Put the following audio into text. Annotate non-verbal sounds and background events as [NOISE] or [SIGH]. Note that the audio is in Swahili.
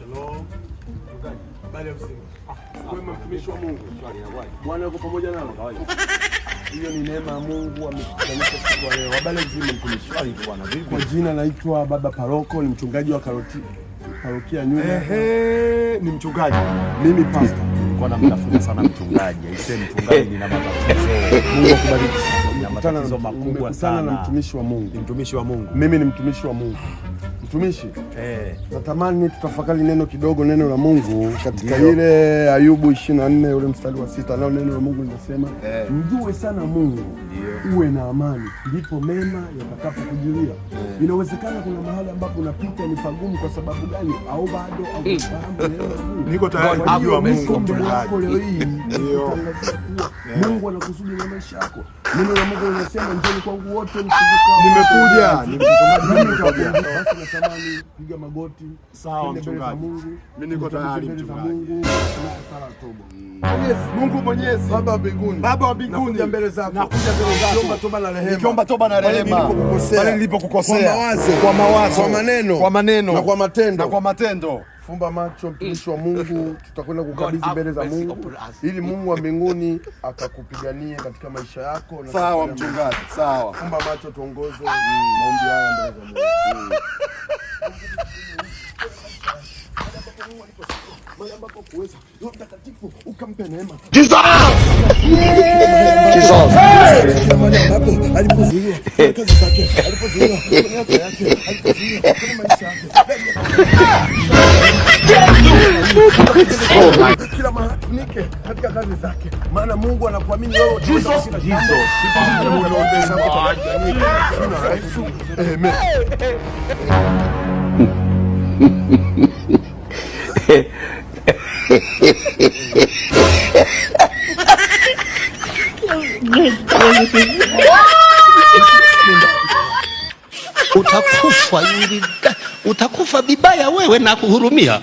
Shalom. Ah, [LAUGHS] Kwa jina naitwa Baba Paroko, ni mchungaji wa Karoti. Parokia Nyuna. Ehe, ni mchungaji. Mimi pastor. Nilikuwa namtafuta sana mchungaji. Aisee, mchungaji nina matatizo. Mungu akubariki. Nina matatizo makubwa sana. mtumishi wa Mungu. Mtumishi wa Mungu. Mimi ni mtumishi wa Mungu. Mtumishi, eh, natamani tutafakari neno kidogo, neno la Mungu katika ile Ayubu 24 ule mstari wa sita, nao neno la Mungu linasema eh, mjue sana Mungu Dio, uwe na amani, ndipo mema kujulia Eh, inawezekana kuna mahali ambapo unapita ni pagumu. Kwa sababu gani? au bado eh. Niko tayari kujua Mungu, mtumishi. Leo hii eh. Mungu anakusudi na maisha yako Neno la Mungu linasema njoni kwangu wote msumbuka. Nimekuja, nimekuja. Basi natamani piga magoti. Sawa mchungaji. Mimi niko tayari mchungaji. Mungu sala toba. Yes, Mungu Mwenyezi, Baba wa mbinguni. Baba wa mbinguni, nakuja mbele zako. Nakuja mbele zako. Nikiomba toba na rehema. Nikiomba toba na rehema. Pale nilipokukosea. Kwa mawazo, kwa mawazo, kwa maneno, kwa maneno na kwa matendo. Na kwa matendo. Fumba macho mtumishi wa Mungu, tutakwenda kukabidhi mbele za Mungu ili Mungu wa mbinguni akakupiganie katika maisha yako. Na Sawa mchungaji, sawa. Fumba macho, tuongozwe maombi haya mbele za Mungu. [LAUGHS] kila matumike katika kazi zake, maana Mungu anakuamini wewe. Utakufa, utakufa bibaya wewe, nakuhurumia.